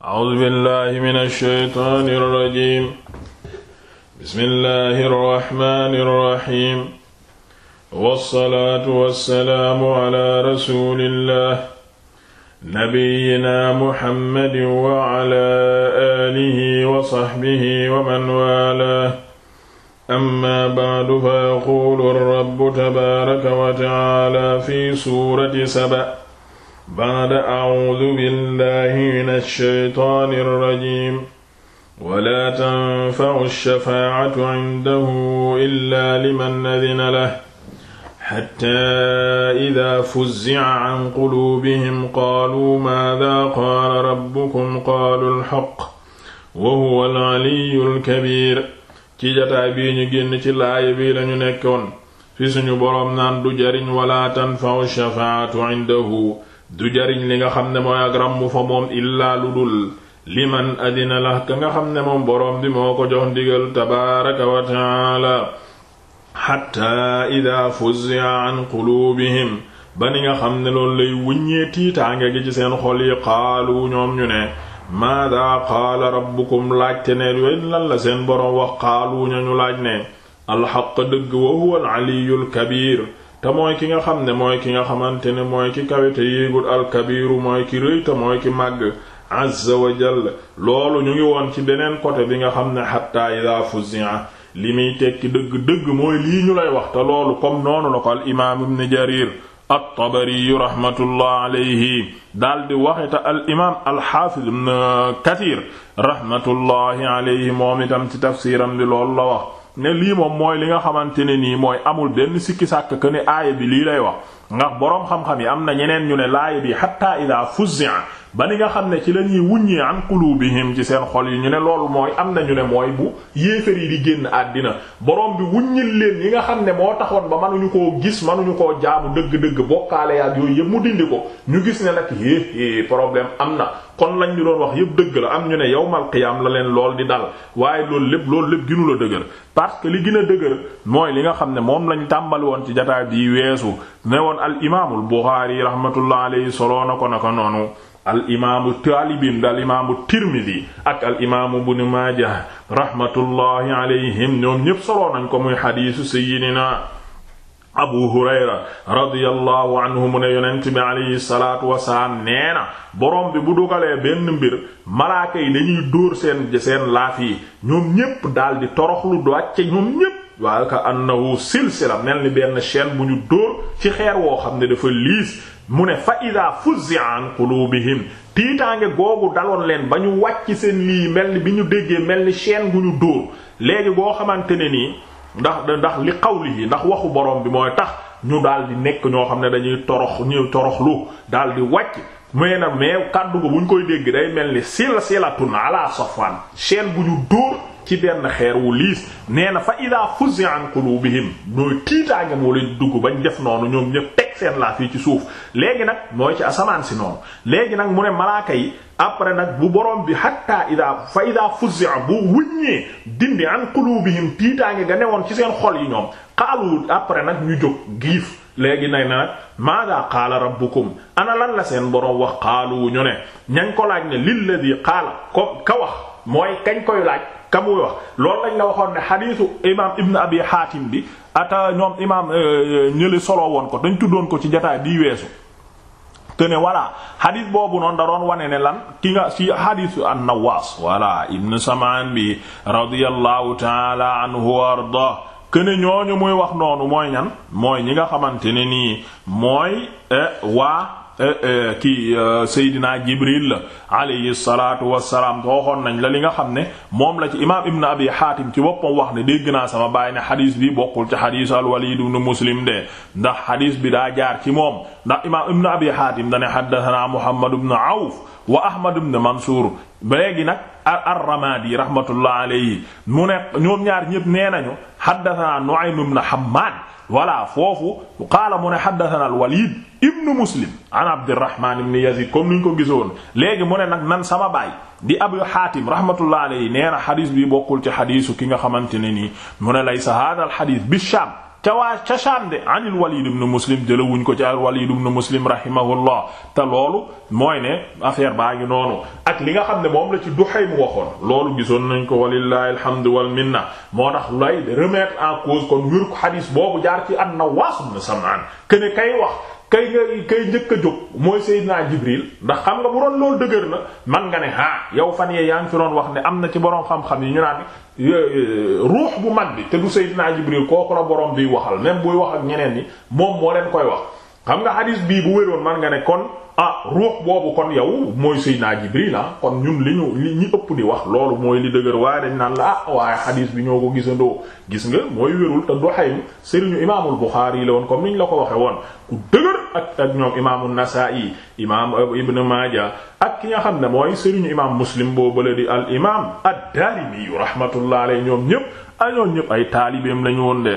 A'uuzu billaahi mina shaytaani rajiim. Bismillaahi rahmaani rahiim. Wassalaatu wassalaamu alaa rasuulillaah. Nabiyyinaa Muhammadin wa alaa aalihi wa sahbihi wa man waalaah. Ammaa ba'du fa yaquulu rabbu tabaaraka wa ta'aalaa fi suurati Saba. baada acuudu billahi min alsheytaan alrajim wala tanfacu alshafaacatu cindahu illa liman adina lah xatta ida fuzzica can quluubihim qaaluu maada qaala rabbukum qaalu alxaq wa huwa alcaliyu alkabiir ci jataay bii ñu génn ci laaya bii lañu nekkoon fi suñu boroom naan du jariñ wala tanfacu alshafaacatu cindahu du jariñ li nga xam ne mooy ak ràmm fa moom illaa lu dul la ka nga xam ne moom boroom bi moo ko jox ndigal tabaaraka wa taala xatta ida fuzzi'a quluubihim ba nga xam ne loolu lay wuññee tiitaange gi ci seen xol yi xaalu ñoom ñu ne maada qaala rabbukum laajte ne yooyu lan la seen boroom wax xaalu ñañu laaj ne alxaq dëgg wa huwa al aliyyul kabiir te mooy ki nga xam ne mooy ki nga xamante ne mooy ki kawe te yéegul alkabiiru mooy ki rëy te mooy ki màgg azza wa jalla loolu ñu ngi woon ci beneen côté bi nga xam ne xatta ida fuzia li muy tekki dëgg-dëgg mooy lii ñu lay wax te loolu comme noonu la ko al imaam ibn jarir at-Tabari rahmatullah alayhi daal di waxeta al imaam al-Hafiz ibn Kathir rahmatullahi alayhi moom itam ci tafsiram bi loolu la wax ne lii moom mooy li nga xamante ne nii mooy amul benn sikki sàkk que ne aaya bi lii lay wax ndax boroom xam-xam yi am na ñeneen ñu ne laaya bi hatta ida fuzzi'a ba li nga xam ne ci la ñuy wuññee bi qulubihim ci seen xol yi ñu ne lool mooy am na ñu ne mooy bu yéefar yi di génn àddina boroom bi wuññil leen yi nga xam ne moo taxoon ba mënuñu koo gis mënuñu koo jaamu dëgg-dëgg bokkaale yaak yooyu yëpp mu dindi ko ñu gis ne nag yé problème am na kon lañ ñu doon wax yëpp dëgg la am ñu ne yawmal qiyaam la leen lool di dal waaye lool lépp loolu lépp ginu la dëgër parce que li gën a dëgër mooy li nga xam ne moom lañ tàmbali woon ci jotaay bi weesu al imaamul Buxaari rahmatullah alayhi na ko naka noonu al imaamu taalibin daal ak al bunu maaja rahmatullahi alayhim ñoom ñépp soloo ko muy xadiisu sayyidina abu hurayra radiyallahu anhu mu ne yonent bi alayhi salaatu wasalaam borom bi bu dugalee benn mbir malaaka yi dañuy dóor seen seen laaf ñoom ñépp daldi toroxlu wàcce ñoom ñépp waa waaye ka annahu silsila mel ni benn chaîne bu ñu dóor ci xeer woo xam ne dafa liis mu ne fa ida fuzzi'a bi qulubihim tiitaange googu daloon leen ba ñu wàcc seen lii mel ni bi ñu déggee mel ni chaîne bu ñu dóor léegi goo xamante ne nii ndax ndax li qawli yi ndax waxu borom bi mooy tax ñu daal di nekk ñoo xam ne dañuy torox ñu toroxlu daal di wàcc mais na mais kàddu ko bu ñu koy dégg day mel ni silsilatun ala safwan chaîne bu ñu dóor ci benn xeer wu liis nee na fa ida fuzzi an qulubihim nooy tiitaange moo leen dugg bañ def noonu ñoom ñëpp teg seen laaf yi ci suuf léegi nag mooy ci asamaan si noonu léegi nag mu ne malaaka yi après nag bu borom bi hatta ida fa ida fuzzi bu wuññee dindi an qulubihim tiitaange ga woon ci seen xol yi ñoom xaalu après nag ñu jóg giif léegi nag nag maada qaala rabbukum ana lan la seen borom wax xaalu ñu ne ñañ ko laaj ne lilladi qaala ko ka wax mooy kañ koy laaj ka muy wax loolu lañ la waxoon ne xadiisu imaam ibn abi xaatim bi ata ñoom imaam euh, euh, ñëli solo woon ko dañ tuddoon ko ci jataay bii weesu te ne boobu noonu da doon wane ne lan ki nga ci xadisu an-Nawaas voilà ibn Samaan bi radiyallahu taala anhu wa arda kene ñooñu muy wax noonu mooy ñan mooy ñi nga xamante ne nii mooy euh, waa E, kii e, Seydina Jibril la alayhi salaatu wassalaam waxoon nañ la li nga xam ne moom la ci imaam Ibn Abi Xaatim ci boppam wax ne dégg naa sama baay ne xadiis bi bokkul ci xadiis al-Waliid ibn Muslim de ndax xadiis bi daa jaar ci moom ndax imaam Ibn Abi Xaatim dane xaddasanaa Muhammad ibn Awf wa Ahmad ibn Mansuur léegi nag ar-Ramadi rahmatullah alayhi mu ne ñoom ñaar ñépp nee nañu xaddasanaa Nu'aym ibn Hammaad voilà foofu qaala mu ne haddathana al-Walid ibnu Muslim an Abdirrahman ibn Yazid comme ni ñu ko gisoon léegi mu ne nag nan sama baay di Abu Hatim rahmatullah alayhi nee na xadis bi bokkul ci xadisu ki nga xamante ne nii mu ne laysa hadha al-hadith bi Sham ca waa ca Shaam de anil Walid ibn Muslim jëlawuñ ko ci al Walid ibn Muslim rahimahullah te loolu mooy ne affaire baa ngi noonu ak li nga xam ne moom la ci Duhay mu waxoon loolu gisoon nañ ko walillahi alhamdu wal minna moo tax lay remettre en cause kon wér ko xadiis boobu jaar ci an Nawaas ibn Sam'aan kene kay wax kay nga kay njëkk a jóg mooy Seydina Jibril ndax xam nga bu doon loolu dëgër na man nga ne ah yow fan yee yaa ngi fi doon wax ne am na ci boroom xam-xam yi ñu naan euh, euh, ruux bu mag bi te du Seydina Jibril kooku la boroom biy waxal même buy wax ak ñeneen ñi moom moo leen koy wax. xam nga hadis bii bu wéroon man nga ne kon ah ruux boobu kon yow mooy Seydina Jibril ah kon ñun li ñu li ñu ëpp di wax loolu mooy li dëgër waaye dañ naan la ah waaye hadis bi ñoo ko gisandoo gis nga mooy wérul te doxee sëriñu imaamul Buxaari yi la woon comme niñ la ko waxee woon ku dëgër ak ak ñoom imaamu Nasaa'i imaam Ibn Maaja ak ki nga xam ne mooy sëriñu imaam Muslim boobu la di al imaam ad-Daarimi ñoom ñëpp añoon ñëpp ay taalibeem lañu woon de.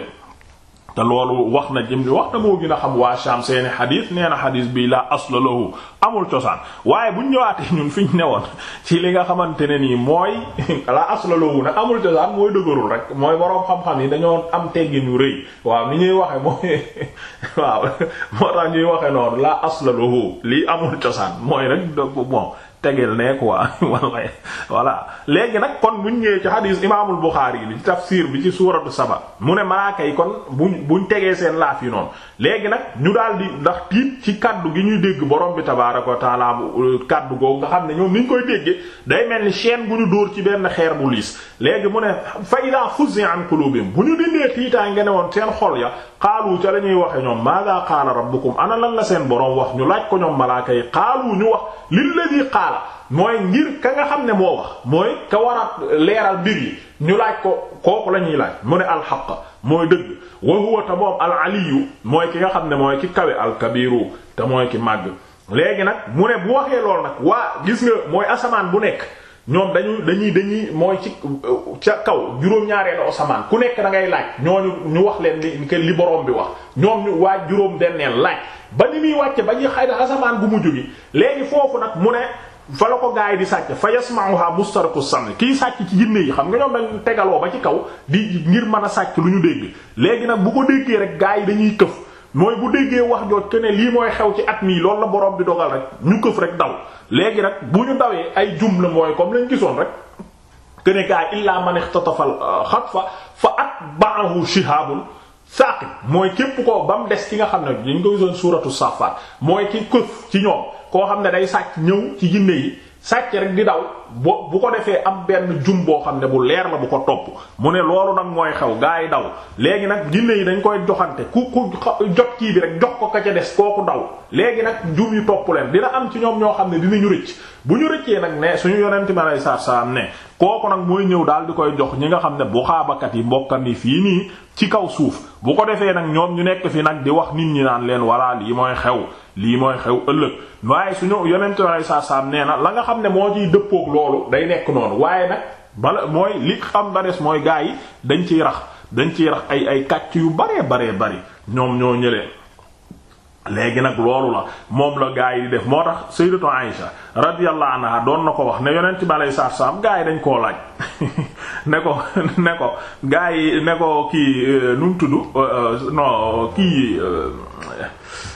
te loolu wax na jëm li wax te moo gën a xam waa Sham seeni xadiis nee na xadiis bii la asla lahu amul cosaan waaye bu ñu ñëwaatee ñun fi ne newoon ci li nga xamante ne nii mooy la asla lahu nag amul cosaan mooy dëgërul rek mooy boroom xam-xam yi dañoo am teggin yu rëy waaw ni ñuy waxe mooy waaw moo tax ñuy waxe noonu la asla lahu lii amul cosaan mooy rek bon tegel ne quoi wala voilà léegi nag kon buñ ñëwee ci hadis imaamul Buxaari bi ci tafsir bi ci suuratu Saba mu ne malaaka yi kon bu bu ñu tegee seen laaf yi noonu léegi nag ñu daal di ndax tiit ci kaddu gi ñuy dégg borom bi tabaaraka wa taala bu euh, kaddu googu nga xam ne ñoom niñ koy déggee day mel ni chaîne bu ñu dóor ci benn xeer bu liis léegi mu ne fa idaa fuzzi an quluubihim bu ñu dindee tiitaa nga ne woon seen xol ya xaalu ca la ñuy waxe ñoom maada qaala rabbukum ana lan la seen boroom wax ñu laaj ko ñoom malaaka yi xaalu ñu wax lilladi qaala mooy ngir ka nga xam ne moo wax mooy ka leeral mbir yi ñu laaj ko kooku la ñuy laaj mu ne alxaq mooy dëgg wa huwa te moom al aliyu mooy ki nga xam ne mooy ki kawe alkabiru te mooy ki màgg léegi nag mu ne bu waxee lool nag waa gis nga mooy asamaan bu nekk ñoom dañu dañuy dañuy mooy ci euh, ca kaw juróom-ñaareelu asamaan ku nekk da ngay laaj ñooñu ñu wax leen li li borom bi wax ñoom ñu waa juróom denneen laaj ba ni muy wàcce ba ñu xay asamaan gu mujj gi léegi foofu nag mu ne fa la ko gaa yi di sàcc fa yasma'uha mustariqu sam'i kii sàcc ci jinne yi xam nga ñoom dañ tegaloo ba ci kaw di ngir mën a sàcc lu ñu dégg léegi nag bu ko déggee rek gaa yi dañuy këf mooy bu déggee wax jooj que ne lii mooy xew ci at mii loolu la boroom bi dogal rek ñu këf rek daw léegi nag bu ñu dawee ay jumla mooy comme lañ gisoon rek que ne gaa illaa man ixtatafa euh, xatfa fa at atba'ahu shihaabun saaqib mooy képp ko ba mu des ki nga xam ne dañ ko gisoon suuratu saafaat mooy ki këf ci ñoom koo xam ne day sàcc ñëw ci jinne yi sàcc rek di daw. bo bu ko defee am benn jum boo xam ne bu leer la bu ko topp mu ne loolu nag mooy xew gaa yi daw léegi nag ginne yi dañ koy joxante ku ku jot kii bi rek jox ko ka ca des kooku daw léegi nag jum yi topp leen dina am ci ñoom ñoo xam ne dinañu rëcc bu ñu rëccee nag ne suñu yonent bi aleyhi salaatu salaam ne kooku nag mooy ñëw daal di koy jox ñi nga xam ne bu xaabakat yi mbokkam yi fii nii ci kaw suuf bu ko defee nag ñoom ñu nekk fii nag di wax nit ñi naan leen walla lii mooy xew lii mooy xew ëllëg waaye suñu yonent bi la nga xam ne moo ciy dëppook loolu day nekk noonu waaye nag bala mooy li xam barees mooy gaa yi dañ ciy rax dañ ciy rax ay ay kàcc yu baree baree bari ñoom ñoo ñëlee léegi nag loolu la moom la gaa yi di def moo tax sayyidatu Aïsha radiyallahu anha doon na ko wax ne yonent bi alayhi salaatu salaam gaa yi dañ koo laaj ne ko ne ko gaa yi ne ko kii euh, nu mu tudd euh, euh, non kii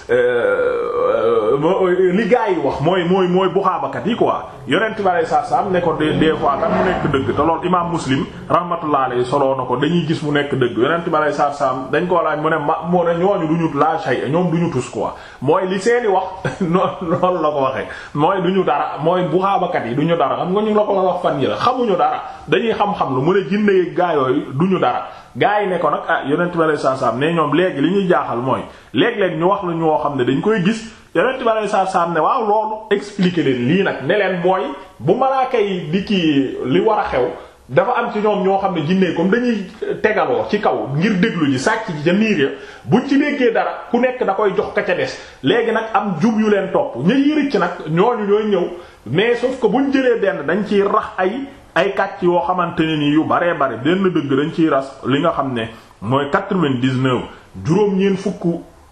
Euh, euh, euh, li gaa yi wax mooy mooy mooy buxaabakat yi quoi yonent bi alayhi salaam ne ko des fois tam mu nekk dëgg te loolu imaam muslim rahmatullah alayhi soloo na ko dañuy gis mu nekk dëgg yonent bi alayhi salaam dañ koo laaj mu ne ma moo ne ñooñu du ñu la shay ñoom du ñu tus quoi mooy li seeni wax loolu la ko waxee mooy du ñu dara mooy buxaabakat yi du ñu dara xam nga ñu la ko wax fan yi la xamuñu dara dañuy xam-xam lu mun a jinne gaa yooyu du ñu dara gaa yi ne ko nag ah yonent bi alayhi salaam ne ñoom léegi li ñuy jaaxal mooy léeg-léeg ñu wax lu ñu woo xam ne dañ koy gis yonent bi alayhi salaam ne waaw loolu expliquer leen lii nag ne leen mooy bu malaaka yi di kii li war a xew dafa am ci ñoom ñoo xam ne jinne comme dañuy tegaloo ci kaw ngir déglu ji sàcc ji ca niir ya buñ ci déggee dara ku nekk da koy jox ka ca des léegi nag am jub yu leen topp ñu yërëc ci nag ñooñu ñooy ñëw mais sauf ko buñ jëlee benn dañ ciy ay ay kàcc yoo xamante ne ni yu baree bare benn dëgg dañ ciy ras li nga xam ne mooy quatre-vingt-dix-neuf juróom-ñeent fukk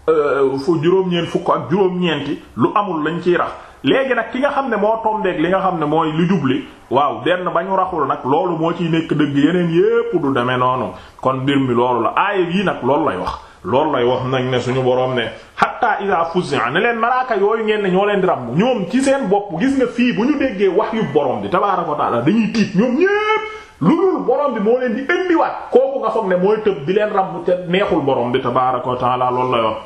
euh, fu juróom fukk ak juróom-ñeenti lu amul lañ ciy rax léegi nag ki nga xam ne moo tombeek li nga xam ne mooy lu jubli waaw benn ba ñu raxul nag loolu moo ciy nekk dëgg yeneen yépp du demee noonu kon mbir mi loolu la aaya yi nag loolu lay wax loolu lay wax nañ ne suñu boroom ne hatta iza fuz'a ne leen malaaka yooyu ngeen ne ñoo leen di ràmm ñoom ci seen bopp gis nga fii bu ñu déggee wax yu borom bi tabaaraka wa taala dañuy tiit ñoom ñépp lu dul borom bi moo leen di indiwaat kooku nga foog ne mooy tëb di leen ràmm te neexul borom bi tabaaraka wa taala lool la wax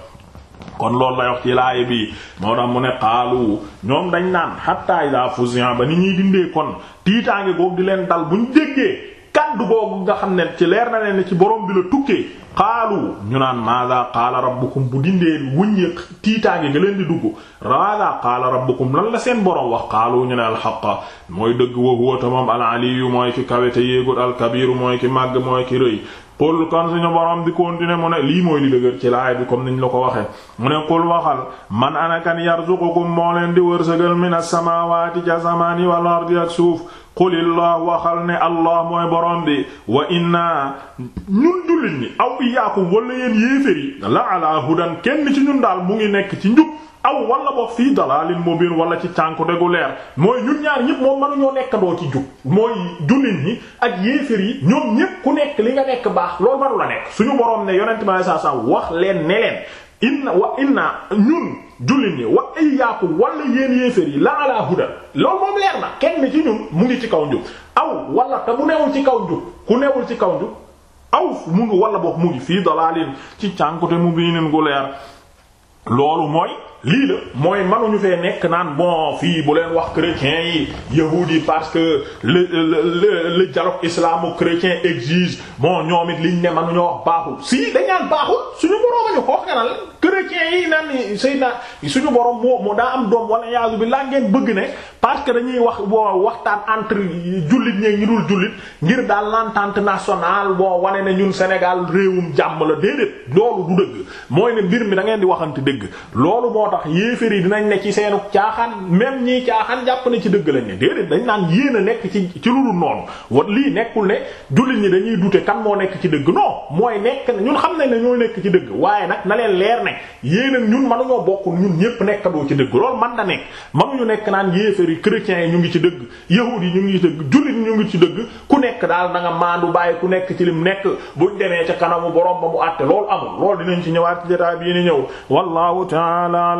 kon loolu la wax ci laay bi moo tax mu ne xaalu ñoom dañ naan hatta iza fuz'a ba ni ñuy dindee kon tiitaange googu di leen dal buñ déggee kaddu googu nga xam ne ci leer na leen ne ci boroom bi la tukkee xaalu ñu naan maada qaala rabbukum bu dindee wuññi tiitaange nga leen di dugg maada qaala rabbukum lan la seen borom wax xaalu ñu ne alxaqa mooy dëgg wa huwa tamam al aliyu mooy ki kawete yéegul alkabiru mooy ki màgg mooy ki rëy qul kon suñu borom di continuer mu ne lii mooy li dëgër ci laay bi comme niñ la ko waxee mu ne qul waxal man anakan yarzuqukum moo leen di wërsëgal mina samaawaati ca samaani wal ardi ak suuf qulillah waxal ne allah mooy borom bi wa inna ñun jullit ñi aw iyaakum wala yéen yéefér yi la ala hudan kenn ci ñun daal mu ngi nekk ci njub aw wala boog fii dalalin mubin wala ci cànkute gu leer mooy ñun ñaar ñëpp moom mënuñoo nekkandoo ci jub mooy jullit ñi ak yéefér yi ñoom ñëpp ku nekk li nga nekk baax loolu mënu la nekk suñu boroom ne yonent bi saa saa wax leen ne leen inna wa inna ñun jullit ñi wa iyyaakum wala yéen yéefér yi la ala huda loolu moom leer na kenn ci ñun mu ngi ci kaw njub aw wala te bu newul ci kaw njub ku newul ci kaw njub aw mu ngi wala boog mu ngi fii dalalin ci cànkute mubinin gu leer loolu mooy lii la mooy ñu fee nekk naan bon fii bu leen wax chrétiens yi yahuud parce que le le le dialogue islamo-chrétien exige bon ñoom it liñ ne mënuñoo wax baaxul si dañ naan baaxul suñu borom ñu xoox nga chrétiens yi naan Seydina suñu borom moo moo daa am doom wala yaasu bi laa ngeen bëgg ne parce que dañuy wax waxtaan entre jullit ñee ngi dul jullit ngir daal l'entente nationale boo wane ne ñun Sénégal réewum jàmm la déedéet loolu du dëgg mi da di waxante dëgg loolu moo moo tax yéeféer yi dinañ ne ci seenu caaxaan même ñii caaxaan jàpp ne ci dëgg lañ ne déedéet dañ naan yéen a nekk ci ci lu dul noonu wat lii nekkul ne jullit ñi dañuy dute kan moo nekk ci dëgg non mooy nekk na ñun xam nañ ne ñoo ci dëgg waaye nag na leer ne yéen ak ñun mënuñoo bokk ñun ñépp nekkadoo ci dëgg loolu man da nekk mënuñu nekk naan yéeféer yi chrétiens yi ñu ngi ci dëgg yahuud yi ñu ngi ci dëgg jullit ñu ngi ci dëgg ku nekk daal nanga maa maandu bàyyi ku nekk ci lim nekk bu demee ca kanamu borom ba mu àtte loolu amul loolu dinañ ci ñëwaat ci jotaay bi ni ñëw wallahu ta'ala